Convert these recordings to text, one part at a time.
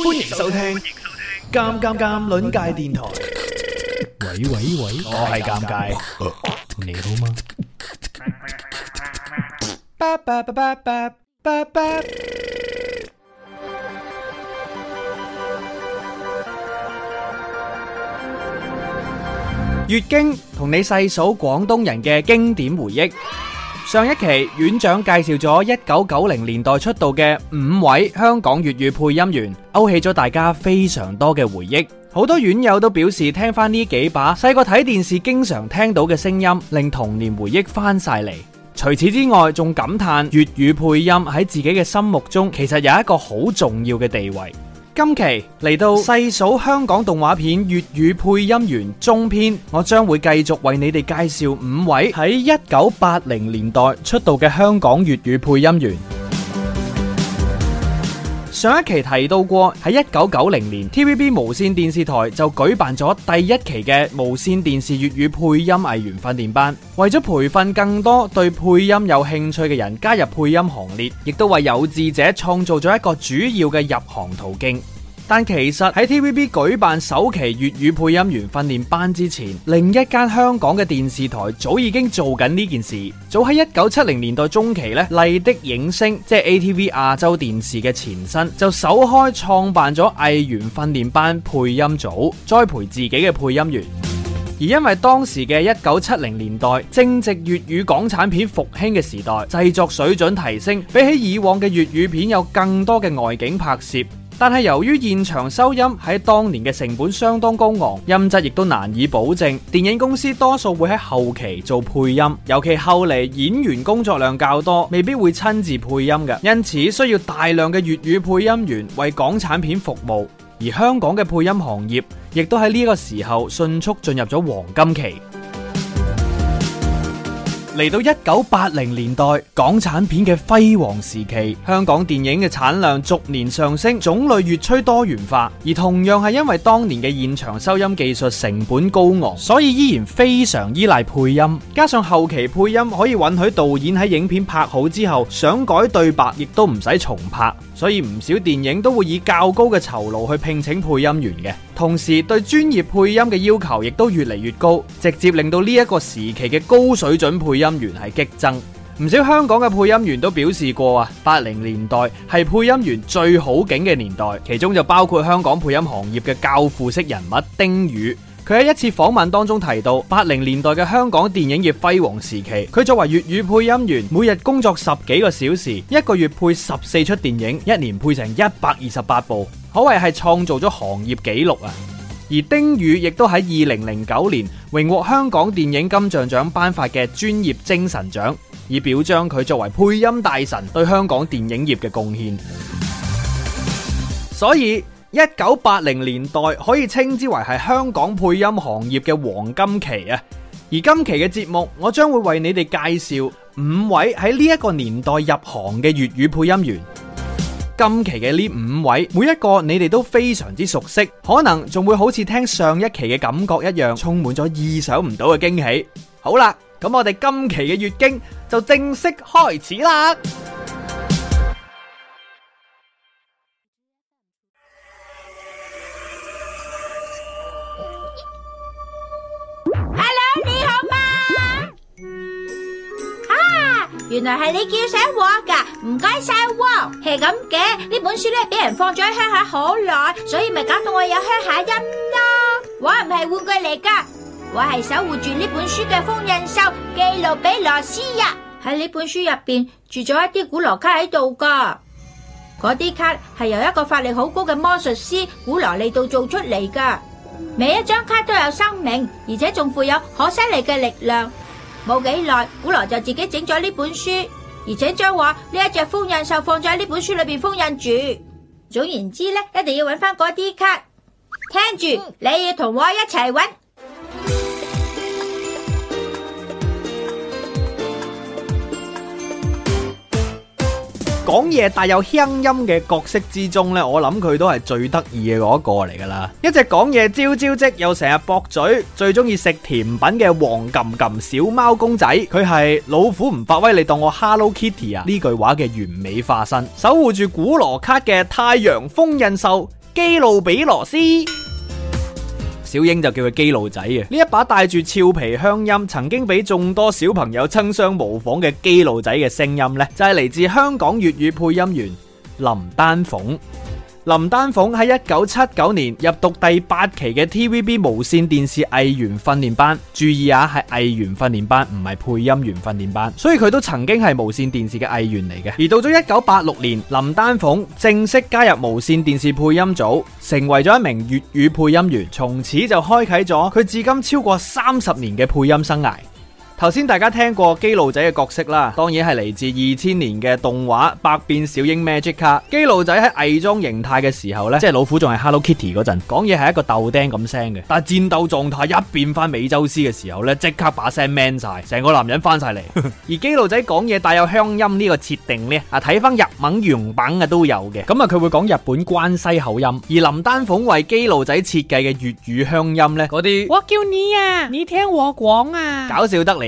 歡迎收聽《尷尷尷》鄰界電台。喂喂喂，我係尷尬，你好嗎？巴巴巴巴巴巴巴。月經同你細數廣東人嘅經典回憶。上一期，院長介紹咗一九九零年代出道嘅五位香港粵語配音員，勾起咗大家非常多嘅回憶。好多院友都表示聽翻呢幾把細個睇電視經常聽到嘅聲音，令童年回憶翻晒嚟。除此之外，仲感嘆粵語配音喺自己嘅心目中，其實有一個好重要嘅地位。今期嚟到細數香港動畫片粵語配音員中篇，我將會繼續為你哋介紹五位喺一九八零年代出道嘅香港粵語配音員。上一期提到過，喺一九九零年，TVB 無綫電視台就舉辦咗第一期嘅無綫電視粵語配音藝員訓練班，為咗培訓更多對配音有興趣嘅人加入配音行列，亦都為有志者創造咗一個主要嘅入行途徑。但其實喺 TVB 舉辦首期粵語配音員訓練班之前，另一間香港嘅電視台早已經做緊呢件事，早喺一九七零年代中期呢，麗的映聲，即係 ATV 亞洲電視嘅前身，就首開創辦咗藝員訓練班配音組，栽培自己嘅配音員。而因為當時嘅一九七零年代正值粵語港產片復興嘅時代，製作水準提升，比起以往嘅粵語片有更多嘅外景拍攝。但係由於現場收音喺當年嘅成本相當高昂，音質亦都難以保證。電影公司多數會喺後期做配音，尤其後嚟演員工作量較多，未必會親自配音嘅。因此需要大量嘅粵語配音員為港產片服務，而香港嘅配音行業亦都喺呢個時候迅速進入咗黃金期。嚟到一九八零年代，港產片嘅輝煌時期，香港電影嘅產量逐年上升，種類越趨多元化。而同樣係因為當年嘅現場收音技術成本高昂，所以依然非常依賴配音。加上後期配音可以允許導演喺影片拍好之後想改對白，亦都唔使重拍，所以唔少電影都會以較高嘅酬勞去聘請配音員嘅。同時對專業配音嘅要求亦都越嚟越高，直接令到呢一個時期嘅高水準配音員係激增。唔少香港嘅配音員都表示過啊，八零年代係配音員最好景嘅年代，其中就包括香港配音行業嘅教父式人物丁宇。佢喺一次訪問當中提到，八零年代嘅香港電影業輝煌時期，佢作為粵語配音員，每日工作十幾個小時，一個月配十四出電影，一年配成一百二十八部。可謂係創造咗行業紀錄啊！而丁宇亦都喺二零零九年榮獲香港電影金像獎頒發嘅專業精神獎，以表彰佢作為配音大神對香港電影業嘅貢獻。 所以一九八零年代可以稱之為係香港配音行業嘅黃金期啊！而今期嘅節目，我將會為你哋介紹五位喺呢一個年代入行嘅粵語配音員。今期嘅呢五位，每一個你哋都非常之熟悉，可能仲會好似聽上一期嘅感覺一樣，充滿咗意想唔到嘅驚喜。好啦，咁我哋今期嘅月經就正式開始啦！Hello，你好嗎？啊，原來係你叫醒我噶。唔該晒，係咁嘅，呢本書咧，俾人放咗喺鄉下好耐，所以咪搞到我有鄉下音咯。我唔係玩具嚟噶，我係守護住呢本書嘅封印獸，記錄俾羅斯呀。喺呢本書入邊住咗一啲古羅卡喺度噶，嗰啲卡係由一個法力好高嘅魔術師古羅利度做出嚟噶。每一張卡都有生命，而且仲富有可犀利嘅力量。冇幾耐，古羅就自己整咗呢本書。而且將我呢一隻封印獸放在呢本書裏邊封印住。總言之咧，一定要揾翻嗰啲卡。聽住，你要同我一齊揾。講嘢帶有鄉音嘅角色之中呢，我諗佢都係最得意嘅嗰一個嚟噶啦。一隻講嘢招招積又成日駁嘴，最中意食甜品嘅黃冧冧小貓公仔，佢係老虎唔發威，你當我 Hello Kitty 啊呢句話嘅完美化身，守護住古羅卡嘅太陽封印獸基魯比羅斯。小英就叫佢基佬仔嘅。呢一把帶住俏皮鄉音，曾經俾眾多小朋友親相模仿嘅基佬仔嘅聲音呢，就係、是、嚟自香港粵語配音員林丹鳳。林丹鳳喺一九七九年入讀第八期嘅 TVB 無線電視藝員訓練班，注意啊，係藝員訓練班，唔係配音員訓練班，所以佢都曾經係無線電視嘅藝員嚟嘅。而到咗一九八六年，林丹鳳正式加入無線電視配音組，成為咗一名粵語配音員，從此就開啟咗佢至今超過三十年嘅配音生涯。頭先大家聽過基路仔嘅角色啦，當然係嚟自二千年嘅動畫《百變小櫻》Magic 卡。基路仔喺偽裝形態嘅時候呢，即係老虎仲係 Hello Kitty 嗰陣，講嘢係一個豆丁咁聲嘅。但係戰鬥狀態一變翻美洲獅嘅時候呢，即刻把聲 man 晒，成個男人翻晒嚟。 而基路仔講嘢帶有鄉音呢個設定呢，啊，睇翻日文原版嘅都有嘅。咁啊佢會講日本關西口音，而林丹鳳為基路仔設計嘅粵語鄉音呢，嗰啲我叫你啊，你聽我講啊，搞笑得嚟。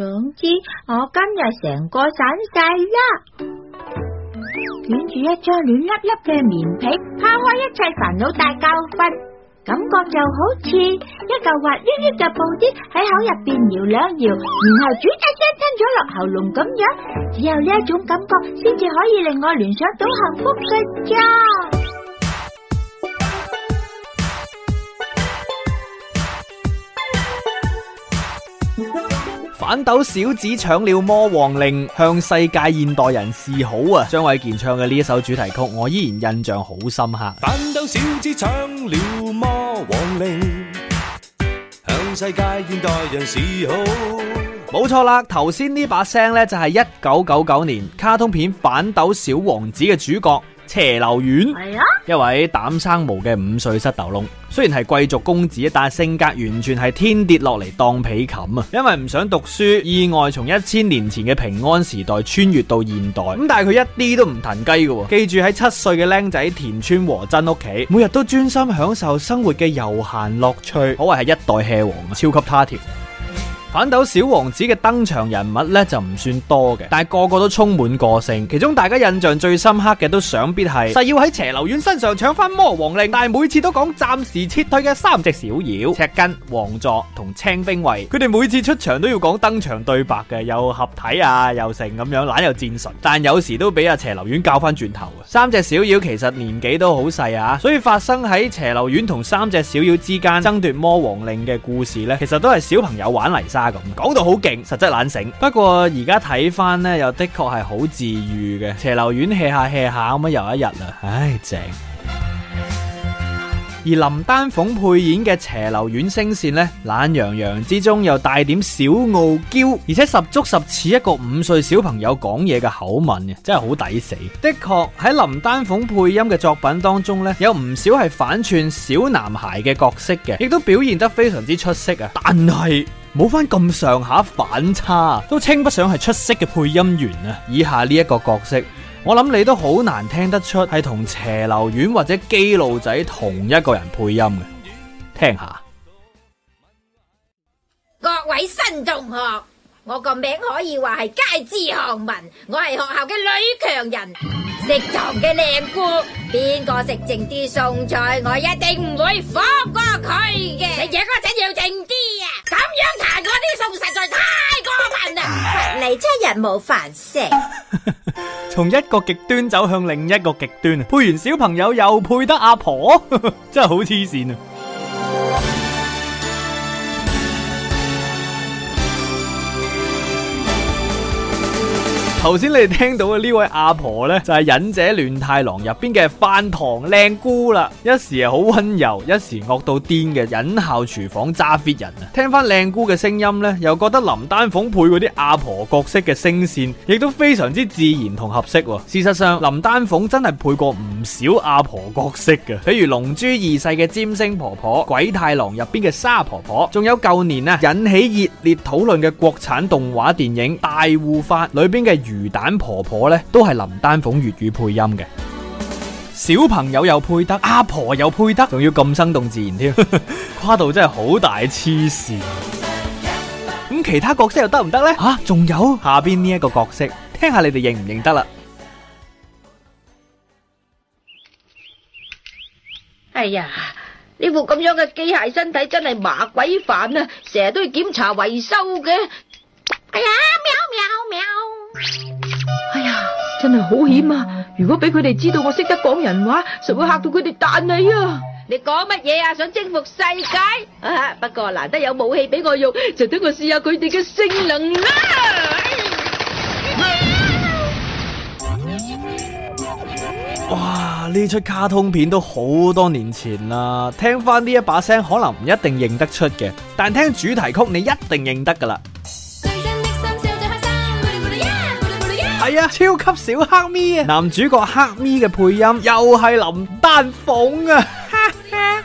總之，我今日成個散晒啦，捲住一張暖粒粒嘅棉被，拋開一切煩惱，大覺瞓，感覺就好似一嚿滑溜溜嘅布丁喺口入邊搖兩搖，然後煮得聲吞咗落喉嚨咁樣，只有呢一種感覺，先至可以令我聯想到幸福嘅呀。反斗小子搶了魔王令，向世界現代人示好啊！張衛健唱嘅呢一首主題曲，我依然印象好深刻。反斗小子搶了魔王令，向世界現代人示好。冇錯啦，頭先呢把聲呢，就係一九九九年卡通片《反斗小王子》嘅主角。斜流丸，啊、一位膽生毛嘅五歲膝頭窿，雖然係貴族公子，但係性格完全係天跌落嚟當被冚啊！因為唔想讀書，意外從一千年前嘅平安時代穿越到現代，咁但係佢一啲都唔騰雞噶喎！記住喺七歲嘅僆仔田村和真屋企，每日都專心享受生活嘅悠閒樂趣，可謂係一代邪王啊！超級他條。反斗小王子嘅登場人物咧就唔算多嘅，但係個個都充滿個性。其中大家印象最深刻嘅都想必係誓要喺邪流院身上搶翻魔王令，但係每次都講暫時撤退嘅三隻小妖赤根、王座同青兵衛。佢哋每次出場都要講登場對白嘅，又合體啊，又成咁樣，懶有戰術，但有時都俾阿邪流院教翻轉頭。三隻小妖其實年紀都好細啊，所以發生喺邪流院同三隻小妖之間爭奪魔王令嘅故事呢，其實都係小朋友玩泥沙。咁講到好勁，實質懶醒。不過而家睇翻呢，又的確係好治愈嘅。斜流院 hea 下 hea 下，咁樣又一日啦。唉，正。而林丹鳳配演嘅斜流院聲線呢，懶洋洋之中又帶點小傲嬌，而且十足十似一個五歲小朋友講嘢嘅口吻嘅，真係好抵死。的確喺林丹鳳配音嘅作品當中呢，有唔少係反串小男孩嘅角色嘅，亦都表現得非常之出色啊。但係。冇返咁上下反差，都稱不上係出色嘅配音員啊！以下呢一個角色，我諗你都好難聽得出係同斜樓院或者基路仔同一個人配音嘅，聽下。各位新同學。我個名可以話係街知巷聞，我係學校嘅女強人，食堂嘅靚姑，邊個食剩啲餸菜？我一定唔會放過佢嘅。食嘢嗰陣要剩啲啊，咁樣彈我啲 𩠌，實在太過分啦！你真係人冇飯食。從一個極端走向另一個極端，配完小朋友又配得阿婆， 真係好黐綫啊！頭先你哋聽到嘅呢位阿婆呢，就係忍者亂太郎入邊嘅飯堂靚姑啦，一時好溫柔，一時惡到癲嘅忍校廚房揸 fit 人啊！聽翻靚姑嘅聲音呢，又覺得林丹鳳配嗰啲阿婆角色嘅聲線，亦都非常之自然同合適。事實上，林丹鳳真係配過唔少阿婆角色嘅，譬如龍珠二世嘅尖星婆婆、鬼太郎入邊嘅沙婆婆，仲有舊年啊引起熱烈討論嘅國產動畫電影《大護法》裏邊嘅。魚蛋婆婆咧都係林丹鳳粵語配音嘅，小朋友又配得，阿婆又配得，仲要咁生動自然添，跨 度真係好大，黐線。咁其他角色又得唔得咧？吓、啊，仲有下邊呢一個角色，聽下你哋認唔認得啦？哎呀，呢副咁樣嘅機械身體真係麻鬼煩啊，成日都要檢查維修嘅。哎呀，喵喵喵！哎呀，真係好險啊！如果俾佢哋知道我識得講人話，實會嚇到佢哋彈你啊！你講乜嘢啊？想征服世界？啊，不過難得有武器俾我用，就等我試下佢哋嘅性能啦！哇，呢出卡通片都好多年前啦，聽翻呢一把聲可能唔一定認得出嘅，但聽主題曲你一定認得㗎啦。係啊，超級小黑咪啊！男主角黑咪嘅配音又係林丹鳳啊！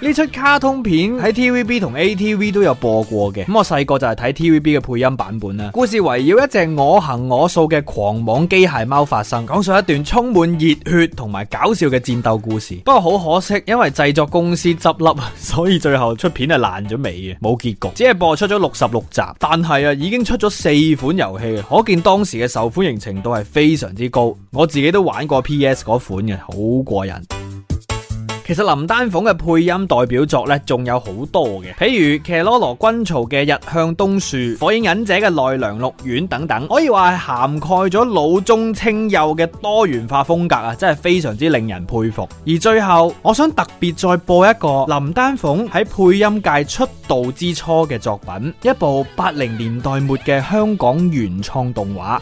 呢出卡通片喺 TVB 同 ATV 都有播過嘅，咁我細個就係睇 TVB 嘅配音版本啦。故事圍繞一隻我行我素嘅狂妄機械貓發生，講述一段充滿熱血同埋搞笑嘅戰鬥故事。不過好可惜，因為製作公司執笠，所以最後出片係爛咗尾嘅，冇結局，只係播出咗六十六集。但係啊，已經出咗四款遊戲，可見當時嘅受歡迎程度係非常之高。我自己都玩過 PS 嗰款嘅，好過癮。其實林丹鳳嘅配音代表作咧，仲有好多嘅，譬如《騎羅羅軍曹》嘅《日向冬樹》、《火影忍者》嘅《奈良鹿丸》等等，可以話係涵蓋咗老中青幼嘅多元化風格啊，真係非常之令人佩服。而最後，我想特別再播一個林丹鳳喺配音界出道之初嘅作品，一部八零年代末嘅香港原創動畫。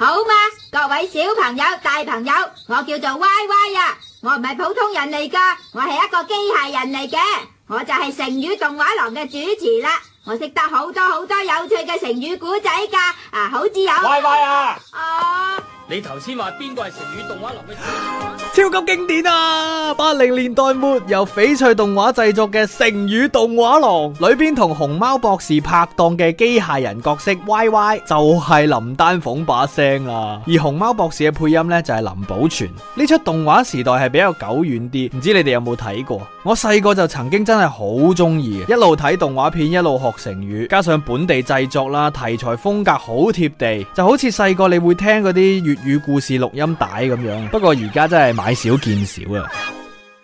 好嘛，各位小朋友、大朋友，我叫做歪歪呀，我唔係普通人嚟噶，我係一個機械人嚟嘅，我就係成語動畫廊嘅主持啦，我識得好多好多有趣嘅成語故仔噶，啊，好自由。歪歪啊！啊。你頭先話邊個係成語動畫廊？超級經典啊！八零年代末由翡翠動畫製作嘅成語動畫廊，裏邊同熊貓博士拍檔嘅機械人角色 Y Y 就係林丹鳳把聲啊！而熊貓博士嘅配音呢，就係林保全。呢出動畫時代係比較久遠啲，唔知你哋有冇睇過？我細個就曾經真係好中意，一路睇動畫片一路學成語，加上本地製作啦，題材風格好貼地，就好似細個你會聽嗰啲粵。與故事錄音帶咁樣，不過而家真係買少見少啊！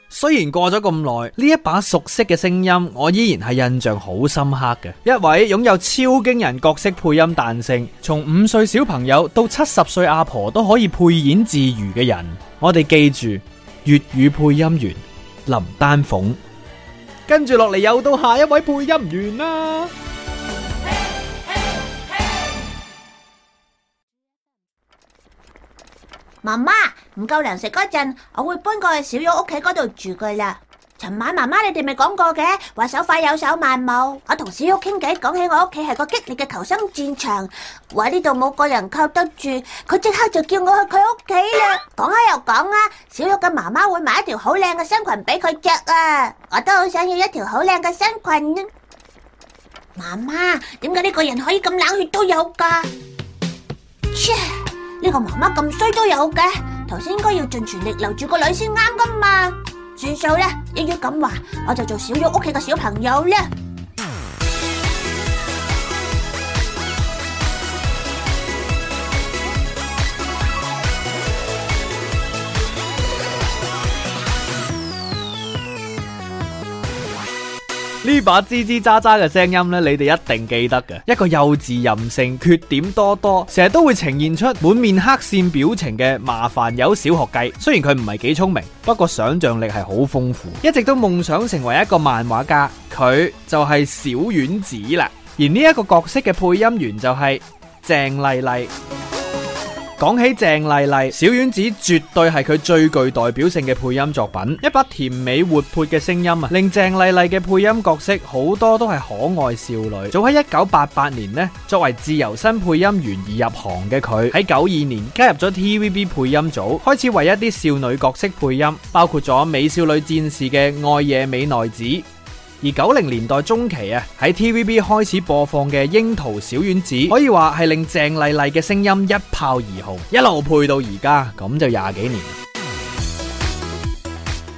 雖然過咗咁耐，呢一把熟悉嘅聲音，我依然係印象好深刻嘅。一位擁有超驚人角色配音彈性，從五歲小朋友到七十歲阿婆都可以配演自如嘅人，我哋記住粵語配音員林丹鳳。跟住落嚟又到下一位配音員啦，啊。媽媽唔夠糧食嗰陣，我會搬過去小玉屋企嗰度住噶啦。尋晚媽媽你哋咪講過嘅，話手快有手慢冇。我同小玉傾偈，講起我屋企係個激烈嘅求生戰場，話呢度冇個人靠得住，佢即刻就叫我去佢屋企啦。講下又講啦，小玉嘅媽媽會買一條好靚嘅新裙俾佢着啊！我都好想要一條好靚嘅新裙。媽媽，點解呢個人可以咁冷血都有噶？呢個媽媽咁衰都有嘅，頭先應該要盡全力留住個女先啱噶嘛，算數啦！一於咁話，我就做小玉屋企嘅小朋友啦。呢把吱吱喳喳嘅聲音咧，你哋一定記得嘅一個幼稚任性、缺點多多，成日都會呈現出滿面黑線表情嘅麻煩友小學雞。雖然佢唔係幾聰明，不過想象力係好豐富，一直都夢想成為一個漫畫家。佢就係小丸子啦，而呢一個角色嘅配音員就係、是、鄭麗麗。講起鄭麗麗，小丸子絕對係佢最具代表性嘅配音作品。一把甜美活潑嘅聲音啊，令鄭麗麗嘅配音角色好多都係可愛少女。早喺一九八八年呢，作為自由身配音員而入行嘅佢，喺九二年加入咗 TVB 配音組，開始為一啲少女角色配音，包括咗《美少女戰士》嘅愛野美奈子。而九零年代中期啊，喺 TVB 開始播放嘅《櫻桃小丸子》，可以話係令鄭麗麗嘅聲音一炮而紅，一路配到而家，咁就廿幾年。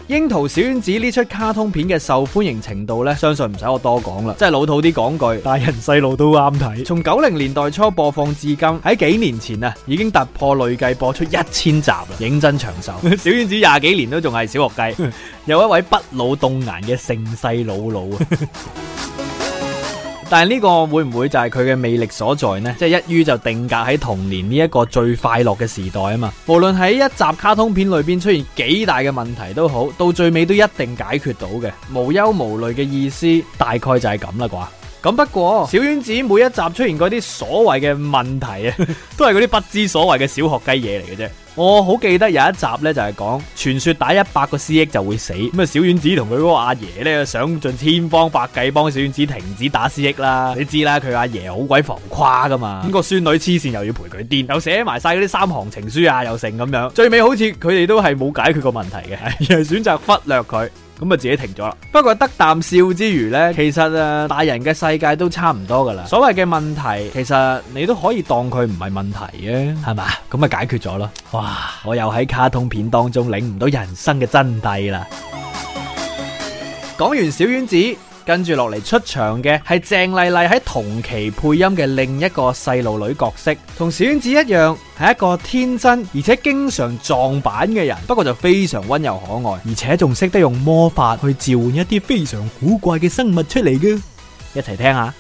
《櫻桃小丸子》呢出卡通片嘅受歡迎程度呢，相信唔使我多講啦，真係老土啲講句，大人細路都啱睇。從九零年代初播放至今，喺幾年前啊，已經突破累計播出一千集啦，認真長壽。 小丸子廿幾年都仲係小學雞， 有一位不老童顏嘅盛世老佬啊！ 但係呢個會唔會就係佢嘅魅力所在呢？即係一於就定格喺童年呢一個最快樂嘅時代啊嘛！無論喺一集卡通片裏邊出現幾大嘅問題都好，到最尾都一定解決到嘅，無憂無慮嘅意思大概就係咁啦啩。咁不過小丸子每一集出現嗰啲所謂嘅問題啊， 都係嗰啲不知所謂嘅小學雞嘢嚟嘅啫。我好記得有一集呢，就係講傳說打一百個 C 億就會死，咁啊小丸子同佢嗰個阿爺呢想盡千方百計幫小丸子停止打 C 億啦。你知啦，佢阿爺好鬼浮誇噶嘛，咁個孫女痴線又要陪佢癲，又寫埋晒嗰啲三行情書啊，又剩咁樣，最尾好似佢哋都係冇解決個問題嘅，而係選擇忽略佢。咁啊，自己停咗啦。不過得啖笑之餘呢，其實啊，大人嘅世界都差唔多噶啦。所謂嘅問題，其實你都可以當佢唔係問題嘅，係嘛？咁咪解決咗囉。哇！我又喺卡通片當中領唔到人生嘅真諦啦。講完小丸子。跟住落嚟出場嘅係鄭麗麗喺同期配音嘅另一個細路女角色，同小丸子一樣係一個天真而且經常撞板嘅人，不過就非常温柔可愛，而且仲識得用魔法去召喚一啲非常古怪嘅生物出嚟嘅。一齊聽下。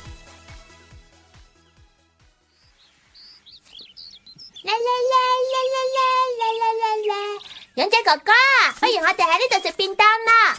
嚟嚟嚟嚟嚟嚟嚟嚟嚟！忍者哥哥，不如我哋喺呢度食便當啦。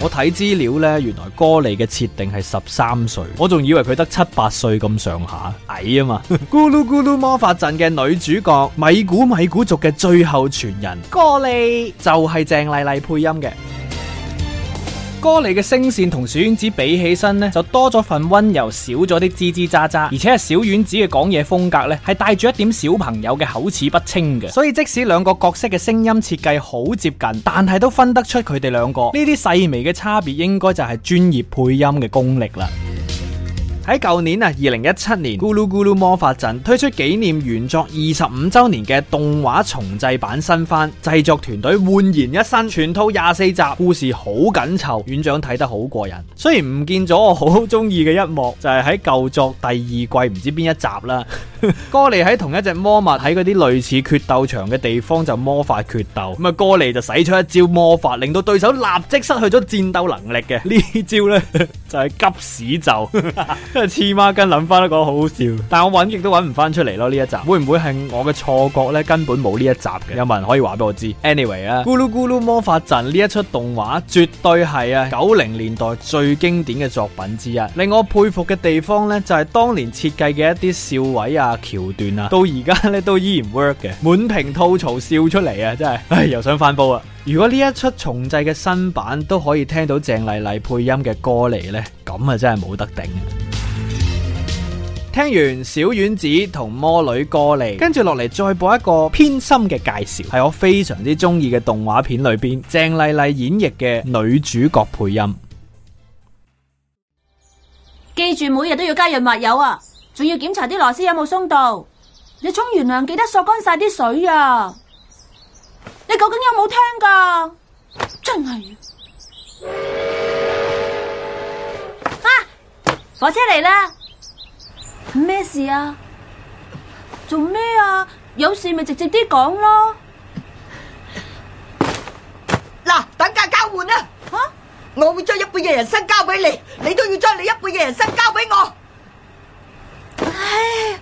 我睇資料呢，原來歌莉嘅設定係十三歲，我仲以為佢得七八歲咁上下，矮啊嘛。 咕嚕咕嚕魔法陣嘅女主角米古米古族嘅最後傳人歌莉利，就係鄭麗麗配音嘅。歌你嘅聲線同小丸子比起身呢，就多咗份溫柔，少咗啲吱吱喳喳，而且係小丸子嘅講嘢風格呢，係帶住一點小朋友嘅口齒不清嘅，所以即使兩個角色嘅聲音設計好接近，但係都分得出佢哋兩個呢啲細微嘅差別，應該就係專業配音嘅功力啦。喺舊年啊，二零一七年，年《咕嚕咕嚕魔法陣》推出紀念原作二十五周年嘅動畫重製版新番，製作團隊煥然一新，全套廿四集，故事好緊湊，院長睇得好過癮。雖然唔見咗我好中意嘅一幕，就係喺舊作第二季唔知邊一集啦。 哥尼喺同一隻魔物喺嗰啲類似決鬥場嘅地方就魔法決鬥，咁啊哥尼就使出一招魔法，令到對手立即失去咗戰鬥能力嘅呢招呢。 就係急屎就，真係黐孖筋諗翻都講好好笑。但我揾極都揾唔翻出嚟咯呢一集，會唔會係我嘅錯覺呢？根本冇呢一集嘅，有冇人可以話俾我知？Anyway 啊，咕嚕咕嚕魔法陣呢一出動畫絕對係啊九零年代最經典嘅作品之一。令我佩服嘅地方呢，就係當年設計嘅一啲笑位啊橋段啊，到而家呢都依然 work 嘅。滿屏吐槽笑出嚟啊，真係，唉，又想翻煲啊！如果呢一出重製嘅新版都可以聽到鄭麗麗配音嘅歌嚟呢，咁啊真係冇得頂啊！ 聽完小丸子同魔女歌嚟，跟住落嚟再播一個偏心嘅介紹，係我非常之中意嘅動畫片裏邊鄭麗麗演繹嘅女主角配音。記住每日都要加潤滑油啊！仲要檢查啲螺絲有冇鬆動。你沖完涼記得索乾晒啲水啊！你究竟有冇聽㗎？真係啊！啊，火車嚟啦！咩事啊？做咩啊？有事咪直接啲講咯！嗱，等價交換啊！啊，我會將一半嘅人生交俾你，你都要將你一半嘅人生交俾我。唉，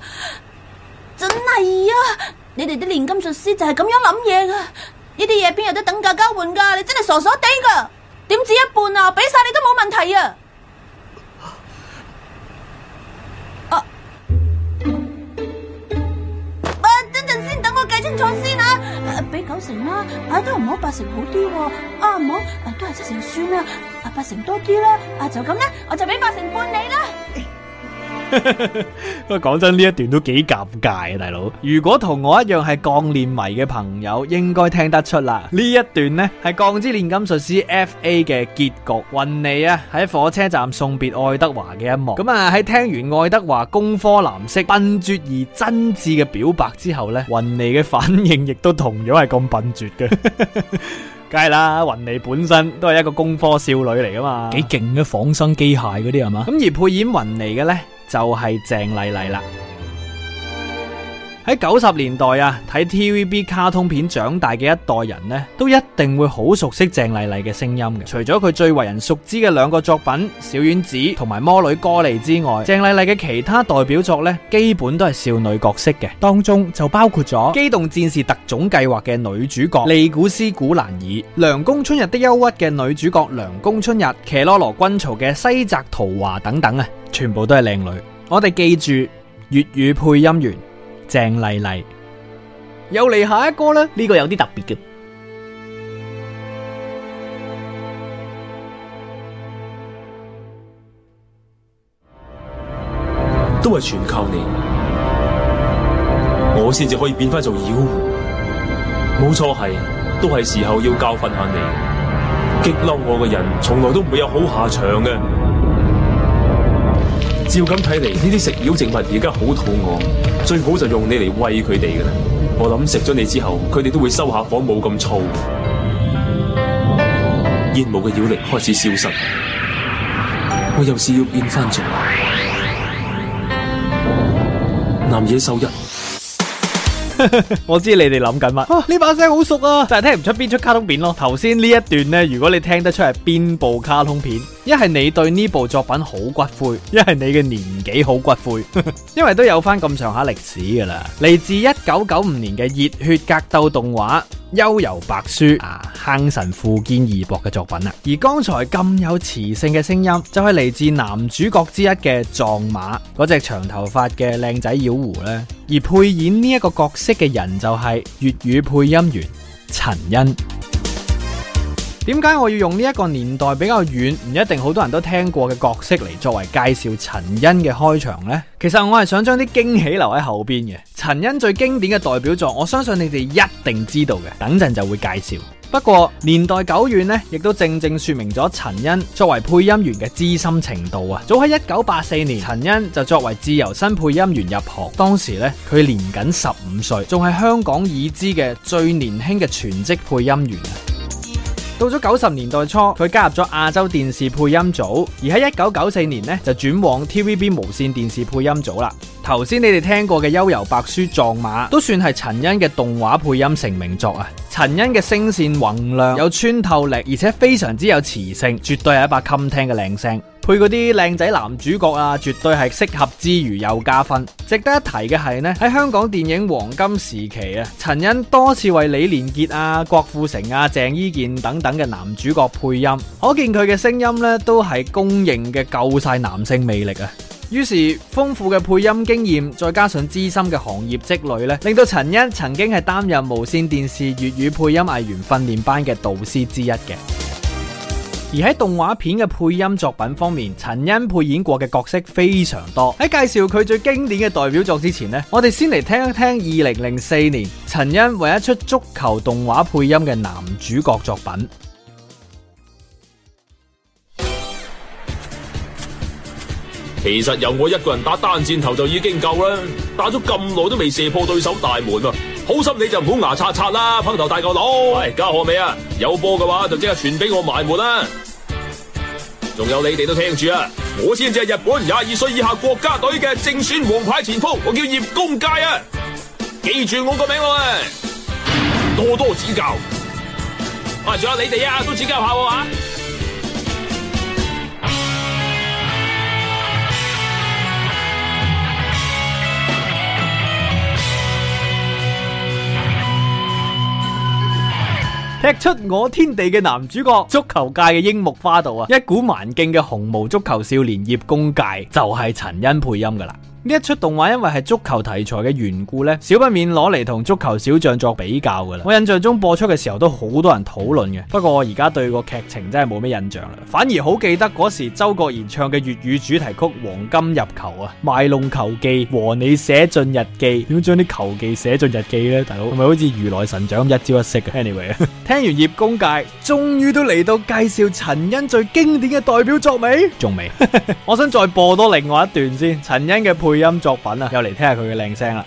真係啊！你哋啲煉金術師就係咁樣諗嘢噶，呢啲嘢邊有得等價交換噶？你真係傻傻地噶，點止一半啊？俾晒你都冇問題啊！ 啊，等陣先，等我計清楚先啊！俾、啊、九成啦、啊，啊都唔好八成好啲、啊，啊唔好、啊，都係七成算啦、啊，啊八成多啲啦、啊，就啊就咁咧，我就俾八成半你啦。不過講真，呢一段都幾尷尬啊，大佬。如果同我一樣係鋼煉迷嘅朋友，應該聽得出啦。呢一段呢係鋼之煉金術師 FA 嘅結局，雲尼啊喺火車站送別愛德華嘅一幕。咁啊喺聽完愛德華功科藍色笨拙、而真摯嘅表白之後呢，雲尼嘅反應亦都同樣係咁笨拙嘅。 梗係啦，雲妮本身都係一個功科少女嚟噶嘛，幾勁嘅仿生機械嗰啲係嘛？咁而配演雲妮嘅呢，就係鄭麗麗啦。喺九十年代啊，睇 TVB 卡通片長大嘅一代人呢，都一定會好熟悉鄭麗麗嘅聲音嘅。除咗佢最為人熟知嘅兩個作品《小丸子》同埋《魔女歌莉》之外，鄭麗麗嘅其他代表作呢，基本都係少女角色嘅，當中就包括咗《機動戰士特種計劃》嘅女主角利古斯古蘭爾，《涼宮春日的憂鬱》嘅女主角涼宮春日，《騎羅羅軍曹》嘅西澤桃華等等啊，全部都係靚女。我哋記住粵語配音員。鄭麗麗，麗麗又嚟下一個啦！呢、這個有啲特別嘅， 都係全靠你，我先至可以變翻做妖狐。冇錯係，都係時候要教訓下你，激嬲我嘅人，從來都唔會有好下場嘅。照咁睇嚟，呢啲食妖植物而家好肚餓，最好就用你嚟餵佢哋㗎喇。我諗食咗你之後，佢哋都會收下火，冇咁燥。煙霧嘅妖力開始消失，我又是要變翻咗。南野獸日。 我知你哋諗緊乜？呢、啊、把聲好熟啊，就係聽唔出邊出卡通片咯。頭先呢一段呢，如果你聽得出係邊部卡通片，一係你對呢部作品好骨灰，一係你嘅年紀好骨灰， 因為都有翻咁上下歷史噶啦。嚟 自一九九五年嘅熱血格鬥動畫《幽遊白書》啊，坑神富堅義博嘅作品啊。而剛才咁有磁性嘅聲音，就係、是、嚟自男主角之一嘅藏馬嗰隻長頭髮嘅靚仔妖狐呢，而配演呢一個角色嘅人就係粵語配音員陳欣，點解我要用呢一個年代比較遠，唔一定好多人都聽過嘅角色嚟作為介紹陳欣嘅開場呢？其實我係想將啲驚喜留喺後邊嘅。陳欣最經典嘅代表作，我相信你哋一定知道嘅，等陣就會介紹。不過年代久遠呢，亦都正正說明咗陳恩作為配音員嘅資深程度啊！早喺一九八四年，陳恩就作為自由身配音員入行。當時呢，佢年僅十五歲，仲係香港已知嘅最年輕嘅全職配音員啊！到咗九十年代初，佢加入咗亞洲電視配音組，而喺一九九四年呢，就轉往 TVB 無線電視配音組啦。頭先你哋聽過嘅《悠遊白書》《撞馬》都算係陳欣嘅動畫配音成名作啊！陳欣嘅聲線宏亮，有穿透力，而且非常之有磁性，絕對係一把襟聽嘅靚聲。配嗰啲靚仔男主角啊，絕對係適合之餘又加分。值得一提嘅係呢，喺香港電影黃金時期啊，陳欣多次為李連杰啊、郭富城啊、鄭伊健等等嘅男主角配音，可見佢嘅聲音呢，都係公認嘅夠晒男性魅力啊！於是豐富嘅配音經驗，再加上資深嘅行業積累咧，令到陳欣曾經係擔任無綫電視粵語配音藝員訓練班嘅導師之一嘅。而喺動畫片嘅配音作品方面，陳欣配演過嘅角色非常多。喺介紹佢最經典嘅代表作之前咧，我哋先嚟聽一聽二零零四年陳欣為一出足球動畫配音嘅男主角作品。其實由我一個人打單箭頭就已經夠啦，打咗咁耐都未射破對手大門啊！好心你就唔好牙擦擦啦，噴頭大個佬，喂、哎，交河未啊？有波嘅話就即刻傳俾我埋門啦，啊！仲有你哋都聽住啊！我先至係日本廿二歲以下國家隊嘅正選皇牌前鋒，我叫葉公介啊！記住我個名喂、啊，多多指教！喂，仲有你哋啊，都指教下我啊！踢出我天地嘅男主角，足球界嘅櫻木花道啊，一股蠻勁嘅紅毛足球少年葉公介，就係、是、陳恩配音㗎喇。呢一出動畫因為係足球題材嘅緣故呢，少不免攞嚟同足球小將作比較噶啦。我印象中播出嘅時候都好多人討論嘅，不過我而家對個劇情真係冇咩印象啦，反而好記得嗰時周國賢唱嘅粵語主題曲《黃金入球》啊，賣弄球技和你寫進日記，點樣將啲球技寫進日記呢？大佬係咪好似如來神掌一招一式嘅？Anyway， 聽完葉公界，終於都嚟到介紹陳恩最經典嘅代表作未？仲未沒， 我想再播多另外一段先，陳恩嘅配。配音作品啊，又嚟聽下佢嘅靚聲啦！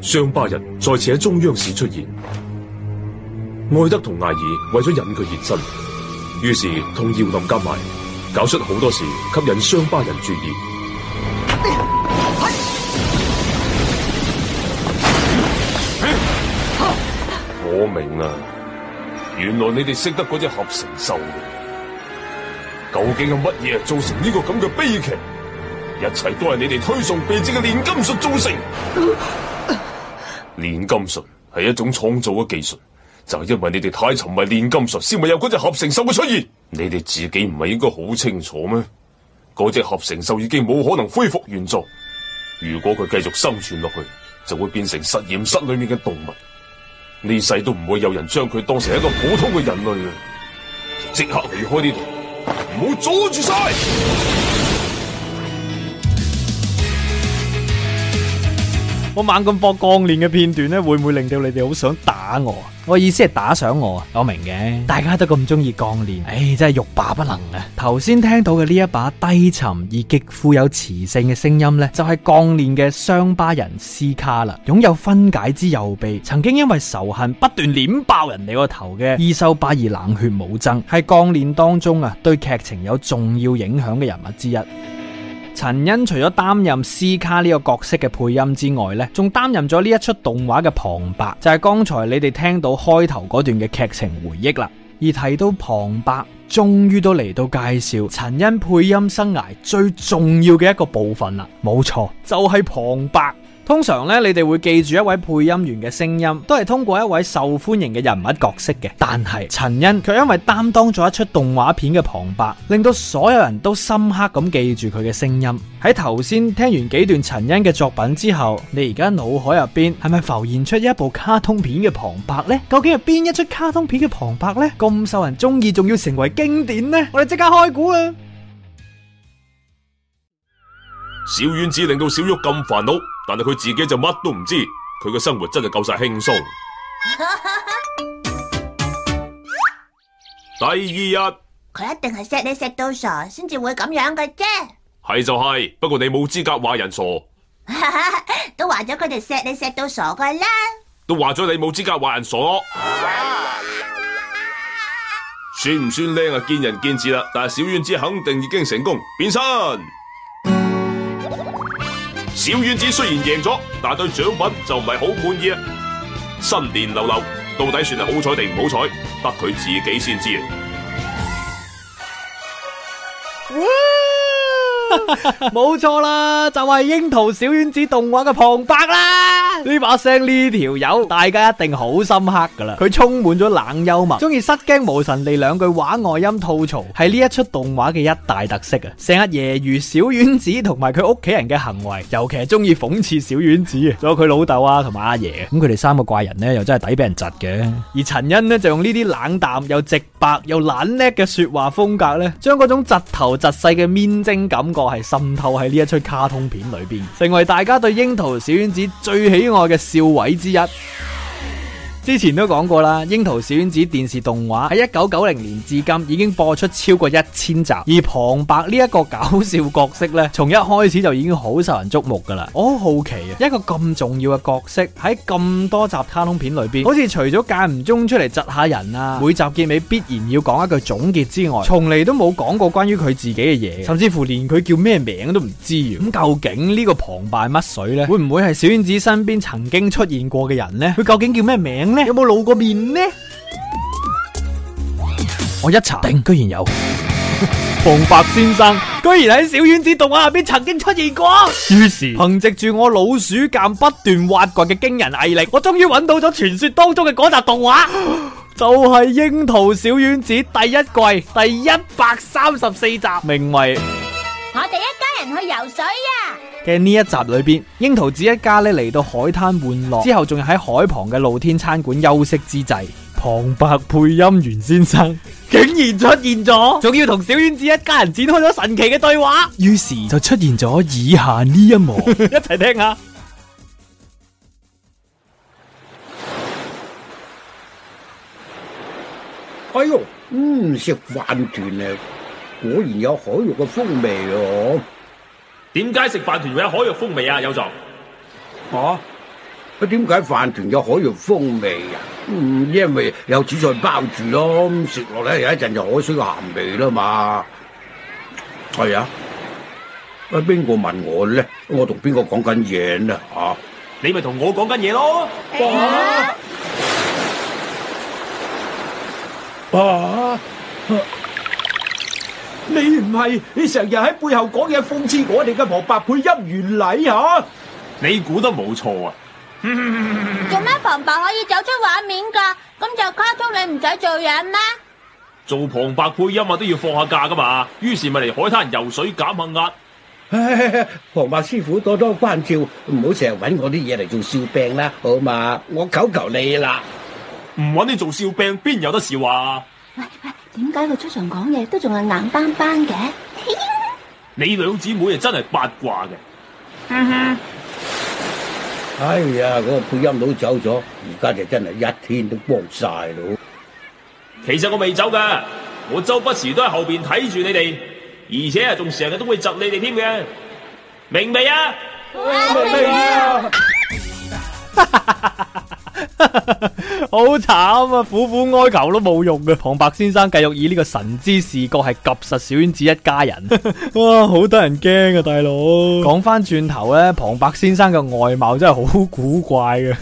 傷疤人再次喺中央市出現，愛德同艾爾為咗引佢現身，於是同姚林夾埋，搞出好多事吸引傷疤人注意。 我明啦，原來你哋識得嗰隻合成獸。究竟係乜嘢造成呢個咁嘅悲劇？一切都係你哋推崇備至嘅煉金術造成。煉 金術係一種創造嘅技術，就係、是、因為你哋太沉迷煉金術，先會有嗰隻合成獸嘅出現。你哋自己唔係應該好清楚咩？嗰隻合成獸已經冇可能恢復原狀，如果佢繼續生存落去，就會變成實驗室裏面嘅動物，呢世都唔會有人將佢當成一個普通嘅人類啊！即刻離開呢度。唔好阻住晒，我猛咁播鋼鍊嘅片段咧，會唔會令到你哋好想打我啊？我意思係打賞我啊！我明嘅，大家都咁中意鋼鍊，唉、哎，真係欲罷不能啊！頭先聽到嘅呢一把低沉而極富有磁性嘅聲音呢，就係鋼鍊嘅傷疤人斯卡啦，擁有分解之右臂，曾經因為仇恨不斷碾爆人哋個頭嘅伊修巴爾冷血武僧，係鋼鍊當中啊對劇情有重要影響嘅人物之一。陳恩除咗擔任 C 卡呢個角色嘅配音之外，呢仲擔任咗呢一出動畫嘅旁白，就係剛才你哋聽到開頭嗰段嘅劇情回憶啦。而提到旁白，終於都嚟到介紹陳恩配音生涯最重要嘅一個部分啦。冇錯，就係旁白。通常咧，你哋會記住一位配音員嘅聲音，都係通過一位受歡迎嘅人物角色嘅。但係陳茵卻因為擔當咗一出動畫片嘅旁白，令到所有人都深刻咁記住佢嘅聲音。喺頭先聽完幾段陳茵嘅作品之後，你而家腦海入邊係咪浮現出一部卡通片嘅旁白呢？究竟係邊一出卡通片嘅旁白呢？咁受人中意，仲要成為經典呢？我哋即刻開估啊！小丸子令到小玉咁煩惱，但係佢自己就乜都唔知，佢嘅生活真係夠晒輕鬆。 第二日，佢一定係錫你錫到傻先至會咁樣嘅啫。係就係、是，不過你冇資格話人傻。 都話咗佢哋錫你錫到傻噶啦。都話咗你冇資格話人傻。 算唔算靚啊？見仁見智啦。但係小丸子肯定已經成功變身。小丸子雖然贏咗，但對獎品就唔係好滿意啊！新年流流到底算係好彩定唔好彩？得佢自己先知。啊。冇錯 啦，就係、是、櫻桃小丸子動畫嘅旁白啦。呢把聲呢條友，大家一定好深刻噶啦。佢充滿咗冷幽默，中意失驚無神地兩句話外音吐槽，係呢一出動畫嘅一大特色啊。成日揶揄小丸子同埋佢屋企人嘅行為，尤其係中意諷刺小丸子啊，仲有佢老豆啊同埋阿爺。咁佢哋三個怪人呢，又真係抵俾人窒嘅。嗯、而陳欣呢，就用呢啲冷淡又直白又懶叻嘅說話風格呢，將嗰種窒頭窒勢嘅面精感覺。我係滲透喺呢一出卡通片裏邊，成為大家對櫻桃小丸子最喜愛嘅笑位之一。之前都講過啦，《櫻桃小丸子》電視動畫喺一九九零年至今已經播出超過一千集，而旁白呢一個搞笑角色呢，從一開始就已經好受人矚目噶啦。我、哦、好好奇啊，一個咁重要嘅角色喺咁多集卡通片裏邊，好似除咗間唔中出嚟窒下人啊，每集結尾必然要講一句總結之外，從嚟都冇講過關於佢自己嘅嘢，甚至乎連佢叫咩名都唔知。咁、嗯、究竟呢個旁白乜水呢？會唔會係小丸子身邊曾經出現過嘅人呢？佢究竟叫咩名？有冇露過面呢？我一查定，居然有，黃白 先生居然喺小丸子動畫入邊曾經出現過。於是，憑借住我老鼠間不斷挖掘嘅驚人毅力，我終於揾到咗傳說當中嘅嗰集動畫， 就係《櫻桃小丸子》第一季第一百三十四集，名為。我哋一家人去游水啊。嘅呢一集裏邊，櫻桃子一家咧嚟到海灘玩樂之後，仲要喺海旁嘅露天餐館休息之際，旁白配音員先生竟然出現咗，仲要同小丸子一家人展開咗神奇嘅對話。於是就出現咗以下呢一幕， 一齊聽下，哎呦，唔食飯糰啊！果然有海肉嘅風味哦！點解食飯團會有海肉風味啊？有座啊？啊，點解飯團有海肉風味啊？嗯，因為有紫菜包住咯，食落咧有一陣就海水嘅鹹味啦嘛。係、哎、啊！啊邊個問我咧？我同邊個講緊嘢呢？啊？你咪同我講緊嘢咯啊啊！啊！啊！你唔係，你成日喺背後講嘢，諷刺我哋嘅旁白配音原理啊？你估得冇錯啊？ 做咩旁白可以走出畫面噶？咁就卡通你唔使做嘢咩？做旁白配音啊都要放下假噶嘛，於是咪嚟海灘游水減下壓。旁白 師傅多多關照，唔好成日搵我啲嘢嚟做笑柄啦，啊，好嘛？我求求你啦，唔搵你做笑柄，邊有得笑啊？ 點解佢出場講嘢都仲係硬邦邦嘅？ 你兩姊妹啊，真係八卦嘅。嗯哼。哎呀，嗰、那個配音佬走咗，而家就真係一天都光晒咯。 其實我未走噶，我周不時都喺後邊睇住你哋，而且啊，仲成日都會窒你哋添嘅。明未啊？明啊？ 好慘啊！苦苦哀求都冇用嘅。旁白先生繼續以呢個神之視角係及實小丸子一家人。 哇，好得人驚啊，大佬！講翻轉頭咧，旁白先生嘅外貌真係好古怪嘅，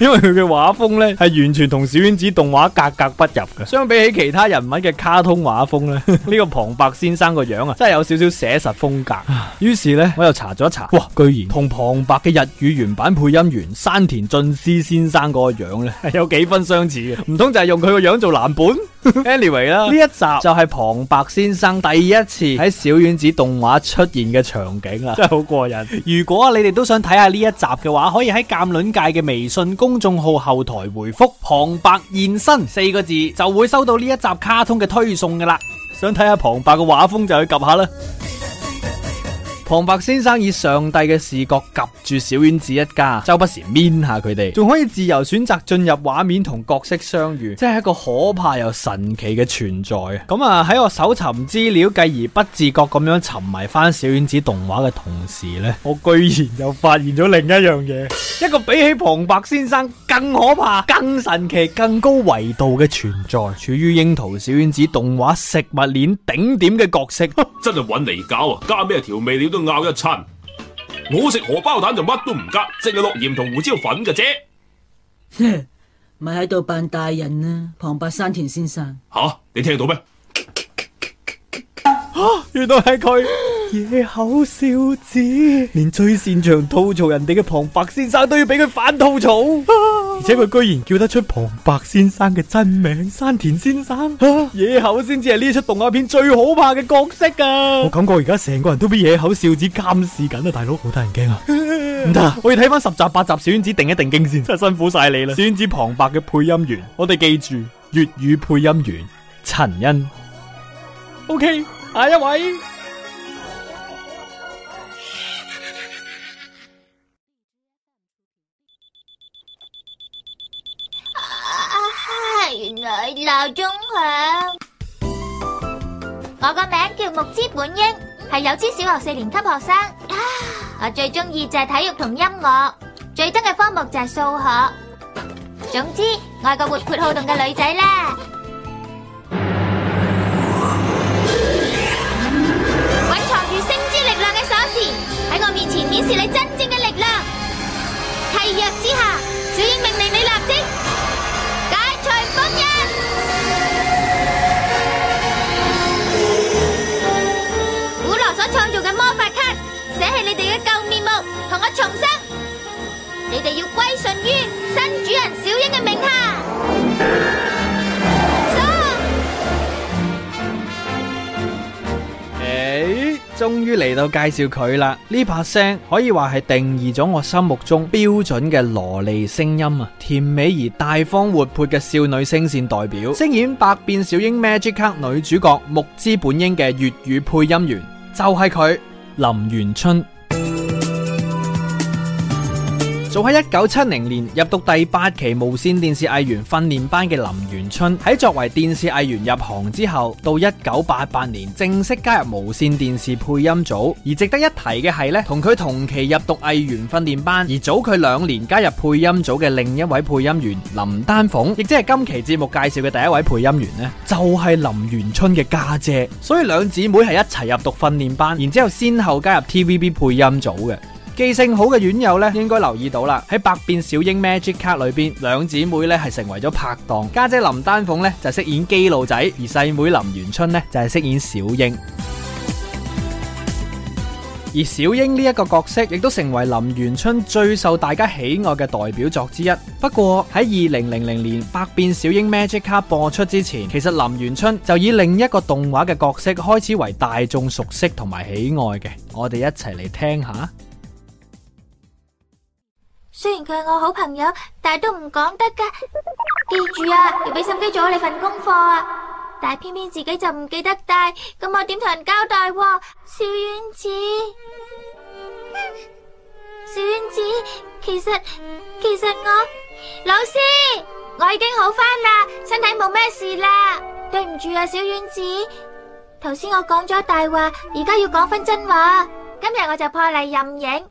因為佢嘅畫風咧係完全同小丸子動畫格格不入嘅。相比起其他人物嘅卡通畫風咧，呢 個旁白先生個樣啊，真係有少少寫實風格。於 是咧，我又查咗一查，哇，居然同旁白嘅日語原版配音員山田俊司先生，個樣咧， 有幾分相似嘅，唔通就係用佢個樣做藍本 ？Anyway 啦，呢一集就係旁白先生第一次喺小丸子動畫出現嘅場景啦，真係好過癮。如果、啊、你哋都想睇下呢一集嘅話，可以喺鑒卵界嘅微信公眾號後台回覆“旁白現身”四個字，就會收到呢一集卡通嘅推送噶啦。想睇下旁白嘅畫風就去撳下啦。 旁白先生以上帝嘅視角及住小丸子一家，周不時面下佢哋，仲可以自由選擇進入畫面同角色相遇，即係一個可怕又神奇嘅存在。咁啊喺我搜尋資料繼而不自覺咁樣沉迷翻小丸子動畫嘅同時呢，我居然又發現咗另一樣嘢，一個比起旁白先生更可怕、更神奇、更高維度嘅存在，處於櫻桃小丸子動畫食物鏈頂點嘅角色，真係搵嚟搞啊！加咩調味料都～咬一餐，我食荷包蛋就乜都唔得，淨係落鹽同胡椒粉嘅啫。哼，咪喺度扮大人啊？旁白山田先生。吓、啊，你聽到咩？ 原來係佢 野口孝子， 連最擅長吐槽人哋嘅旁白先生都要俾佢反吐槽。 而且佢居然叫得出旁白先生嘅真名山田先生，啊、野口先至係呢出動畫片最可怕嘅角色啊！我感覺而家成個人都俾野口小子監視緊啊，大佬好得人驚啊！唔得 ，我要睇翻十集八集小丸子定一定經先，真係辛苦晒你啦，小丸子旁白嘅配音員，我哋記住粵語配音員陳恩。OK，下一位。鬧鐘響，我個名叫木之本櫻，係友枝小學四年級學生。我最中意就係體育同音樂，最憎嘅科目就係數學。總之，我係個活潑好動嘅女仔啦。隱藏住星之力量嘅鎖匙喺我面前顯示你真正嘅力量，契約之下。重生，你哋要歸順於新主人小英嘅名下。So、哎，終於嚟到介紹佢啦！呢把聲可以話係定義咗我心目中標準嘅蘿莉聲音啊，甜美而大方活潑嘅少女聲線代表，聲演《百變小櫻》Magic 咭女主角木之本櫻嘅粵語配音員，就係、是、佢林元春。早喺一九七零年入讀第八期無綫電視藝員訓練班嘅林元春，喺作為電視藝員入行之後，到一九八八年正式加入無綫電視配音組。而值得一提嘅係呢，同佢同期入讀藝員訓練班而早佢兩年加入配音組嘅另一位配音員林丹鳳，亦即係今期節目介紹嘅第一位配音員呢，就係林元春嘅家姐。所以兩姊妹係一齊入讀訓練班，然之後先後加入 TVB 配音組嘅。記性好嘅院友咧，應該留意到啦。喺《百變小櫻 Magic 卡》裏邊，兩姊妹咧，係成為咗拍檔。家姐，姐林丹鳳咧就係、是、飾演基佬仔，而細妹，妹林元春咧就係、是、飾演小櫻。而小櫻呢一個角色亦都成為林元春最受大家喜愛嘅代表作之一。不過喺二零零零年《百變小櫻 Magic 卡》播出之前，其實林元春就以另一個動畫嘅角色開始為大眾熟悉同埋喜愛嘅。我哋一齊嚟聽下。雖然佢係我好朋友，但係都唔講得噶。記住啊，要俾心機做好你份功課啊！但係偏偏自己就唔記得帶，咁我點同人交代啊？小丸子，小丸子，其實其實我老師我已經好翻啦，身體冇咩事啦。對唔住啊，小丸子，頭先我講咗大話，而家要講翻真話。今日我就破例任影。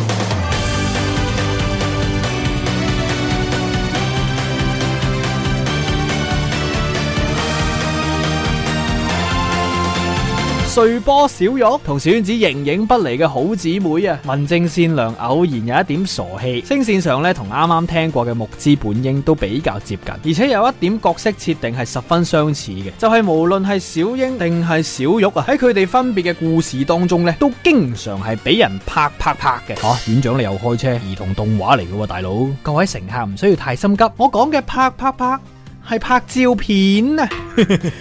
碎波小玉同小丸子形影不離嘅好姊妹啊，文靜善良，偶然有一點傻氣。聲線上咧同啱啱聽過嘅木之本櫻都比較接近，而且有一點角色設定係十分相似嘅，就係、是、無論係小櫻定係小玉啊，喺佢哋分別嘅故事當中咧，都經常係俾人啪啪啪嘅。吓、啊，院長你又開車？兒童動畫嚟嘅喎，大佬，各位乘客唔需要太心急，我講嘅啪啪啪。係拍照片啊！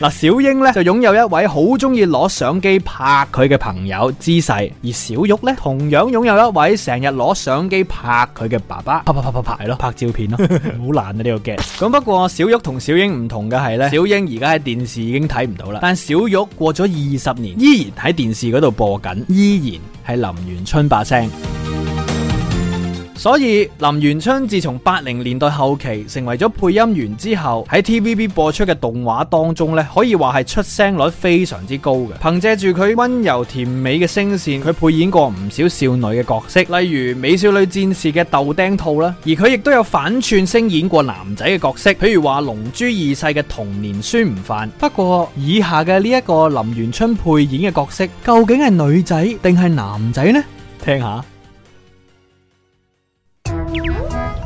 嗱， 小英呢就擁有一位好中意攞相機拍佢嘅朋友姿勢，而小玉呢，同樣擁有一位成日攞相機拍佢嘅爸爸，拍拍拍拍拍咯，拍照片咯，好難啊呢、這個 game 咁。 不過小玉同小英唔同嘅係呢：小英而家喺電視已經睇唔到啦，但小玉過咗二十年依然喺電視嗰度播緊，依然係林元春把聲。所以林元春自從八零年代後期成為咗配音員之後，喺 TVB 播出嘅動畫當中，呢可以話係出聲率非常之高嘅。憑借住佢溫柔甜美嘅聲線，佢配演過唔少少女嘅角色，例如《美少女戰士》嘅豆丁兔啦。而佢亦都有反串聲演過男仔嘅角色，譬如話《龍珠二世》嘅童年孫悟飯。不過以下嘅呢一個林元春配演嘅角色，究竟係女仔定係男仔呢？聽下。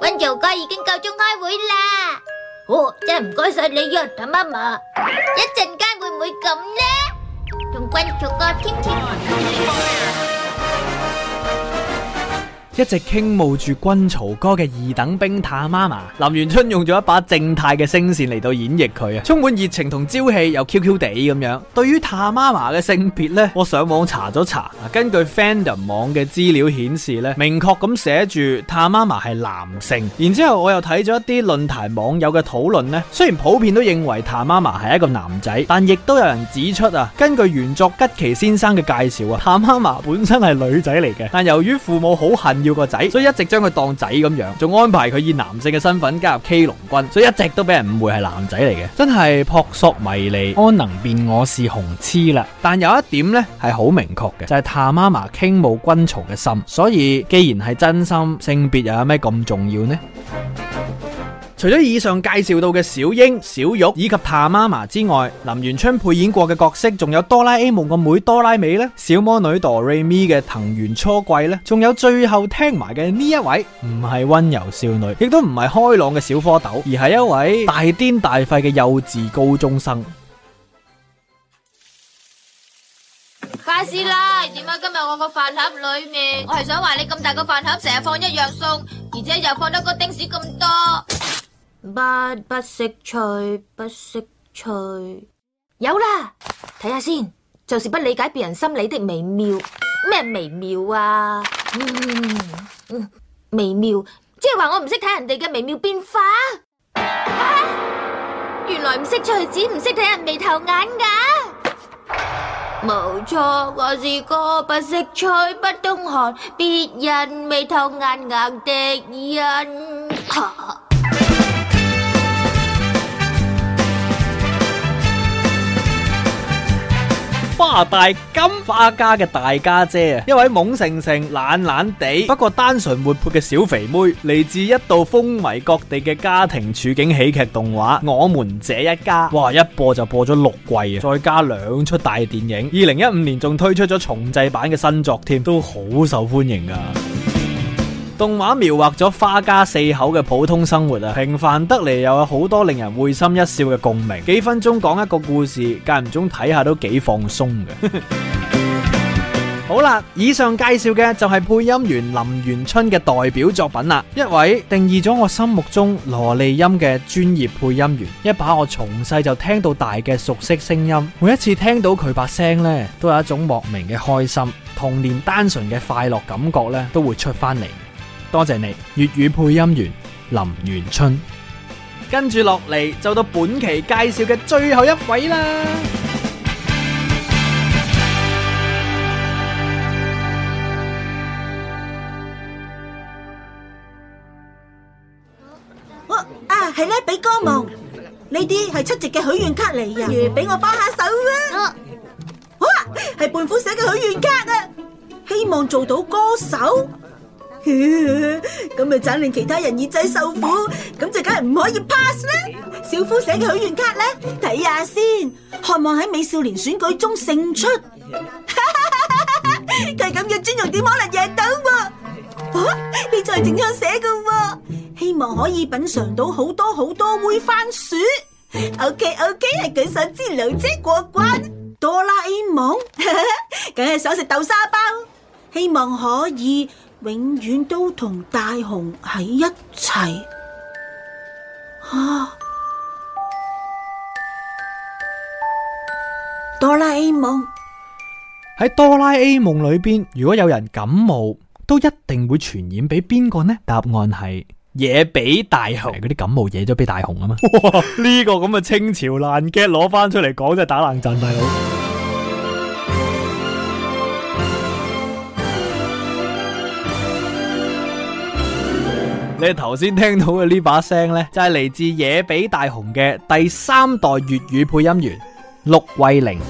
温兆佳已經夠鐘開會啦！哦，真係唔該晒你呀，大媽咪，一陣間會唔會咁呢？同温兆佳傾傾。一直傾慕住軍曹哥嘅二等兵探媽麻，林元春用咗一把正太嘅聲線嚟到演繹佢啊，充滿熱情同朝氣，又 Q Q 地咁樣。對於探媽麻嘅性別呢，我上網查咗查，根據 Fandom 網嘅資料顯示呢，明確咁寫住探媽麻係男性。然之後我又睇咗一啲論壇網友嘅討論呢，雖然普遍都認為探媽麻係一個男仔，但亦都有人指出啊，根據原作吉崎先生嘅介紹啊，塔媽麻本身係女仔嚟嘅，但由於父母好恨，叫個仔，所以一直將佢當仔咁樣，仲安排佢以男性嘅身份加入 K 龍軍，所以一直都俾人誤會係男仔嚟嘅，真係撲朔迷離，安能辨我是雄雌啦？但有一點呢係好明確嘅，就係塔媽媽傾慕軍曹嘅心，所以既然係真心，性別又有咩咁重要呢？除咗以上介紹到嘅小英、小玉以及怕媽媽之外，林元春配演過嘅角色仲有哆啦 A 夢個妹哆啦美咧，小魔女哆瑞咪嘅藤原初季呢。呢仲有最後聽埋嘅呢一位，唔係溫柔少女，亦都唔係開朗嘅小蝌蚪，而係一位大癲大廢嘅幼稚高中生。怪事啦，點解今日我個飯盒裏面，我係想話你咁大個飯盒成日放一樣餸，而且又放得個丁屎咁多？不不識趣，不識趣，有啦，睇下先，就是不理解別人心理的微妙。咩微妙啊？微妙，即係話我唔識睇人哋嘅微妙變化。原來唔識趣只唔識睇人眉頭眼噶。冇錯，我是個不識趣、不懂學別人眉頭眼額的人。花大金花家嘅大家姐啊，一位懵盛盛、懶懶地，不過單純活潑嘅小肥妹，嚟自一度風靡各地嘅家庭處境喜劇動畫《我們這一家》。哇，一播就播咗六季啊，再加兩出大電影，二零一五年仲推出咗重製版嘅新作添，都好受歡迎啊。動畫描繪咗花家四口嘅普通生活啊，平凡得嚟又有好多令人會心一笑嘅共鳴。幾分鐘講一個故事，間唔中睇下都幾放鬆嘅。 好啦，以上介紹嘅就係配音員林元春嘅代表作品啦，一位定義咗我心目中蘿莉音嘅專業配音員，一把我從細就聽到大嘅熟悉聲音。每一次聽到佢把聲呢，都有一種莫名嘅開心，童年單純嘅快樂感覺呢，都會出翻嚟。多謝你，粵語配音員林元春。跟住落嚟，就到本期介紹嘅最後一位啦。哇啊係咧，俾歌夢呢啲係出席嘅許願卡嚟，不如俾我幫下手啦。哇，係胖虎寫嘅許願卡啊，希望做到歌手。咁咪就令其他人耳仔受苦，咁就梗係唔可以 pass 啦。小夫寫嘅許願卡咧，睇下先，渴望喺美少年選舉中勝出。佢咁嘅尊容點可能贏到？啊，佢就係正樣寫嘅，希望可以品嘗到好多好多煨番薯。OK OK，係舉手之勞姐過關。哆啦 A 夢，梗係想食豆沙包，希望可以。永遠都同大雄喺一齊。吓、啊，哆啦 A 夢喺哆啦 A 夢裏邊，如果有人感冒，都一定會傳染俾邊個呢？答案係惹俾大雄，嗰啲感冒惹咗俾大雄啊嘛。呢、呢個咁嘅清朝爛 gag 攞翻出嚟講就係，打冷戰大佬。你頭先聽到嘅呢把聲呢，就係嚟自野比大雄嘅第三代粵語配音員陸慧玲。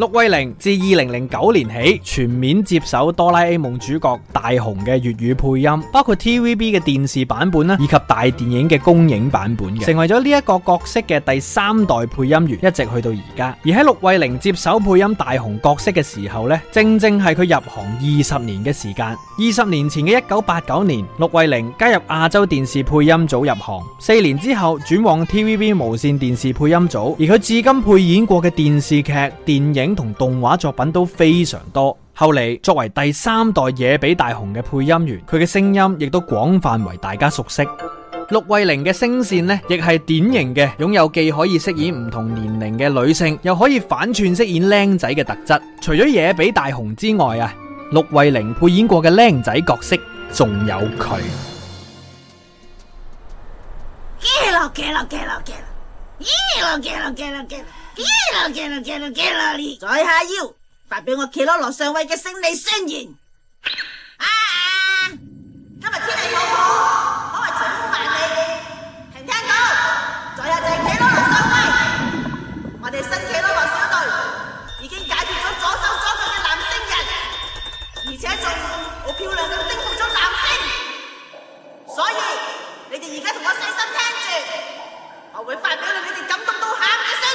陸惠玲自二零零九年起全面接手《哆啦 A 夢》主角大雄嘅粵語配音，包括 TVB 嘅電視版本啦，以及大電影嘅公映版本嘅，成為咗呢一個角色嘅第三代配音員，一直去到而家。而喺陸惠玲接手配音大雄角色嘅時候咧，正正係佢入行二十年嘅時間。二十年前嘅一九八九年，陸惠玲加入亞洲電視配音組入行，四年之後轉往 TVB 無線電視配音組，而佢至今配演過嘅電視劇、電影。同動畫作品都非常多。後嚟作為第三代野比大雄嘅配音員，佢嘅聲音亦都廣泛為大家熟悉。陸慧玲嘅聲線呢，亦係典型嘅，擁有既可以飾演唔同年齡嘅女性，又可以反串飾演靚仔嘅特質。除咗野比大雄之外啊，陸慧玲配演過嘅靚仔角色仲有佢。 幾多勁啊！幾多勁啊！在下要，發表我企羅羅上尉嘅勝利宣言。啊啊！今日天氣好好，可謂晴空萬里，聽唔聽到？在下就係企羅羅上尉，我哋新企羅羅小隊已經解決咗左手左腳嘅藍星人，而且仲好漂亮咁征服咗藍星。所以你哋而家同我細心聽住，我會發表你哋感動。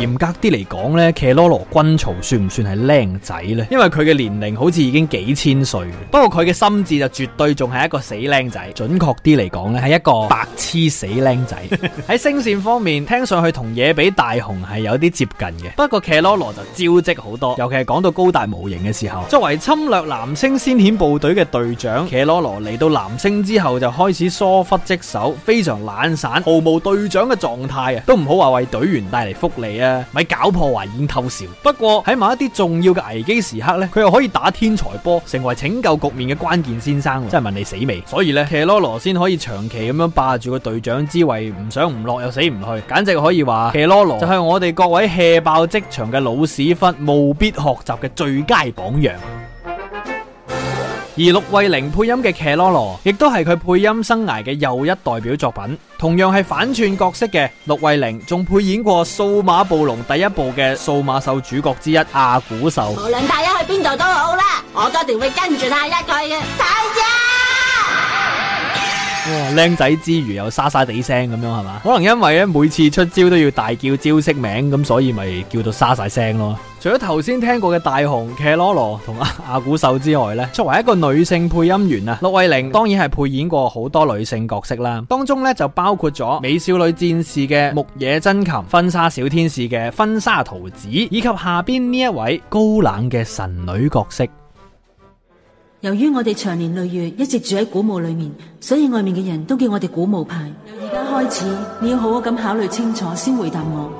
嚴格啲嚟講咧，騎羅羅軍曹算唔算係靚仔呢？因為佢嘅年齡好似已經幾千歲，不過佢嘅心智就絕對仲係一個死靚仔。準確啲嚟講咧，係一個白痴死靚仔。喺聲 線方面，聽上去同野比大雄係有啲接近嘅， 不過騎羅羅就招積好多。尤其係講到高達模型嘅時候， 作為侵略南星先遣部隊嘅隊長，騎羅羅嚟到南星之後就開始疏忽職守，非常懶散，毫無隊長嘅狀態啊，都唔好話為隊員帶嚟福利啊。咪搞破壞，啊、已經偷笑，不過喺某一啲重要嘅危機時刻呢，佢又可以打天才波，成為拯救局面嘅關鍵先生，真係問你死未？所以，所以呢，騎羅羅先可以長期咁樣霸住個隊長之位，唔想唔落又死唔去，簡直可以話騎羅羅就係我哋各位 hea 爆職場嘅老屎忽務必學習嘅最佳榜樣。而陸慧玲配音嘅《騎羅羅》亦都係佢配音生涯嘅又一代表作品，同樣係反串角色嘅陸慧玲，仲配演過《數碼暴龍》第一部嘅數碼獸主角之一阿古獸。無論太一去邊度都好啦，我都一定會跟住太一去嘅，太一！哇，靚仔之餘有沙沙地聲咁樣係嘛？可能因為咧每次出招都要大叫招式名咁，所以咪叫到沙晒聲咯。除咗頭先聽過嘅大雄、騎羅羅同阿古獸之外呢，作為一個女性配音員啊，陸惠玲當然係配演過好多女性角色啦。當中呢，就包括咗《美少女戰士》嘅木野真琴、《婚紗小天使》嘅婚紗桃子，以及下邊呢一位高冷嘅神女角色。由於我哋長年累月一直住喺古墓裏面，所以外面嘅人都叫我哋古墓派。由而家開始，你要好好咁考慮清楚先回答我。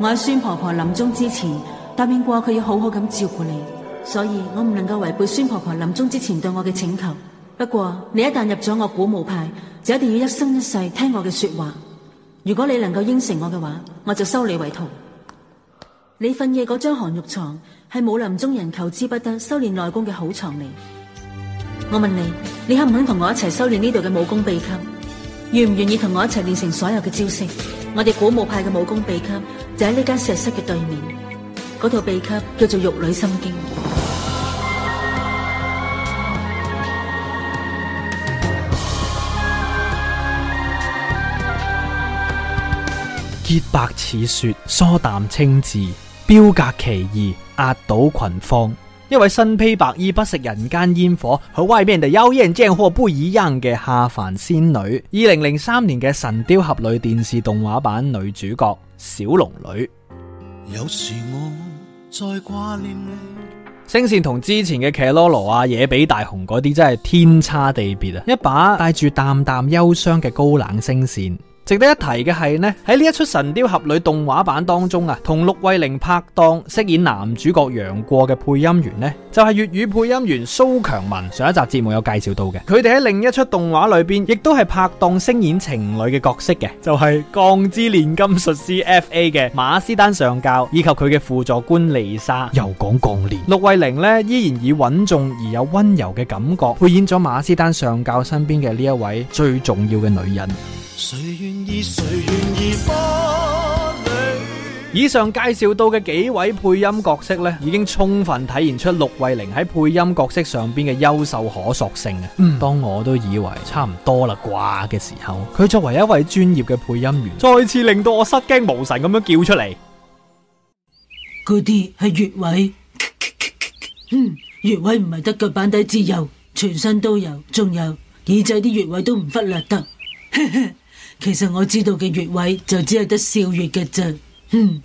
我阿孫婆婆臨終之前，答應過佢要好好咁照顧你，所以我唔能夠違背孫婆婆臨終之前對我嘅請求。不過你一旦入咗我古墓派，就一定要一生一世聽我嘅說話。如果你能夠應承我嘅話，我就收你為徒。你瞓夜嗰張寒玉床係武林中人求之不得、修煉內功嘅好床嚟。我問你，你肯唔肯同我一齊修煉呢度嘅武功秘笈？願唔願意同我一齊練成所有嘅招式？我哋古墓派嘅武功秘笈就喺呢間石室嘅對面。嗰套秘笈叫做《玉女心經》，潔白似雪，疏淡清致，彪格其儀，壓倒群芳。一位身披白衣、不食人間煙火，和外面的妖艷賊貨不一樣嘅下凡仙女。二零零三年嘅《神雕俠侶》電視動畫版女主角，小龍女。有時我再掛念你聲線同之前嘅 Kelolo 啊、野比大雄嗰啲真係天差地別啊！一把帶住淡淡憂傷嘅高冷聲線。值得一提嘅係呢，喺呢一出《神雕俠侶》動畫版當中啊，同陸慧玲拍檔飾演男主角楊過嘅配音員呢，就係、是、粵語配音員蘇強文。上一集節目有介紹到嘅，佢哋喺另一出動畫裏邊，亦都係拍檔飾演情侶嘅角色嘅，就係《鋼之煉金術師》F A 嘅馬斯丹上教以及佢嘅輔助官莉莎。又講鋼煉，陸慧玲呢依然以穩重而有温柔嘅感覺，配演咗馬斯丹上教身邊嘅呢一位最重要嘅女人。以上介紹到嘅幾位配音角色呢，已經充分體現出陸慧玲喺配音角色上邊嘅優秀可塑性啊！當我都以為差唔多啦挂嘅時候，佢作為一位專業嘅配音員，再次令到我失驚無神咁樣叫出嚟。嗰啲係穴位，嗯，穴位唔係得腳板底至有，全身都有，仲有耳仔啲穴位都唔忽略得。其實我知道嘅穴位就只係得笑穴嘅啫，嗯，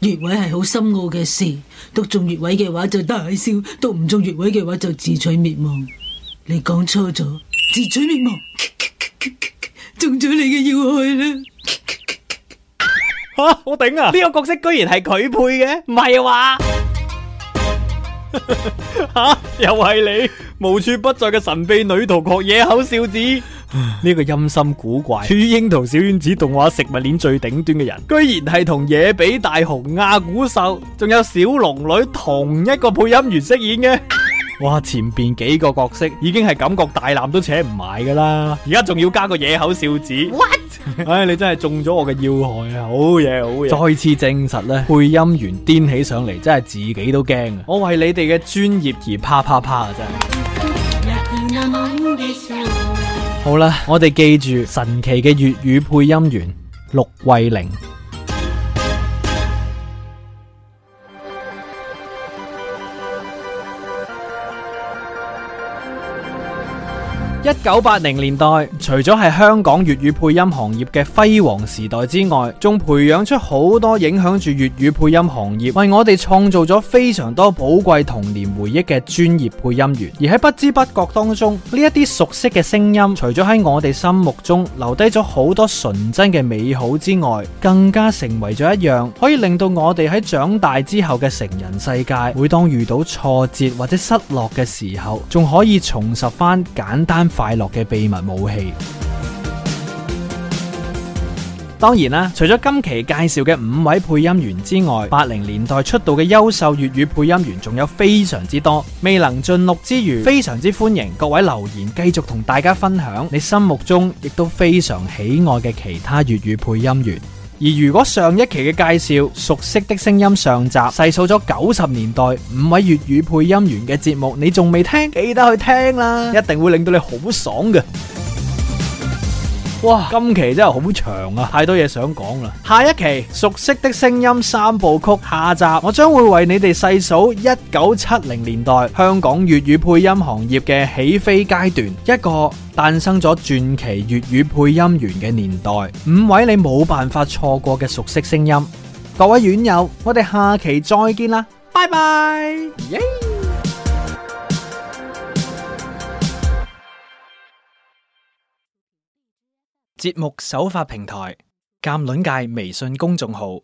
穴位係好深奧嘅事，篤中穴位嘅話就大笑，篤唔中穴位嘅話就自取滅亡。你講錯咗，自取滅亡，咪咪咪咪咪中咗你嘅要害。啦！吓，我頂啊！呢個角色居然係佢配嘅，唔係啊話？吓， 又係你無處不在嘅神秘女同學野口笑子。呢個陰森古怪，處於櫻桃小丸子動畫食物鏈最頂端嘅人，居然係同野比大雄、亞古獸，仲有小龍女同一個配音員飾演嘅。 哇，前邊幾個角色已經係感覺大纜都扯唔埋噶啦，而家仲要加個野口笑子，what？唉、 哎，你真係中咗我嘅要害啊！好嘢，好嘢，再次證實呢配音員癲起上嚟真係自己都驚啊！ 我為你哋嘅專，專業而啪啪啪啊！真係。好啦，我哋記住神奇嘅粵語配音員，陸慧玲。一九八零年代，除咗係香港粵語配音行業嘅輝煌時代之外，仲培養出好多影響住粵語配音行業，為我哋創造咗非常多寶貴童年回憶嘅專業配音員。而喺不知不覺當中，呢一啲熟悉嘅聲音，除咗喺我哋心目中留低咗好多純真嘅美好之外，更加成為咗一樣可以令到我哋喺長大之後嘅成人世界，每當遇到挫折或者失落嘅時候，仲可以重拾翻簡單。快樂嘅秘密武器。當然啦，除咗今期介紹嘅五位配音員之外，八零年代出道嘅優秀粵語配音員，仲有非常之多。未能盡錄之餘，非常之歡迎各位留言，繼續同大家分享你心目中亦都非常喜愛嘅其他粵語配音員。而如果上一期嘅介紹熟悉的聲音上集細數咗九十年代五位粵語配音員嘅節目，你仲未聽，記得去聽啦，一定會令到你好爽嘅。哇！今期真係好長啊，太多嘢想講啦。下一期《熟悉的聲音》三部曲下集，我將會為你哋細數一九七零年代香港粵語配音行業嘅起飛階段，一個誕生咗傳奇粵語配音員嘅年代。五位你冇辦法錯過嘅熟悉聲音，各位院友，我哋下期再見啦，拜拜。Yeah! 節目首發平台：鑑論界微信公眾號。